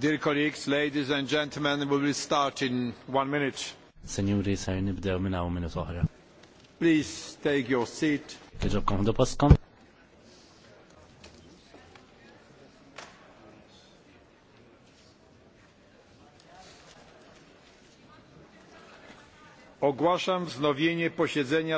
Dear colleagues, ladies and gentlemen, we will start in one minute. Senjuri, ser nibdew minna u minut oħra. Please take your seat. Kieġobkom ħdu postkom. Ogłaszam wznowienie posiedzenia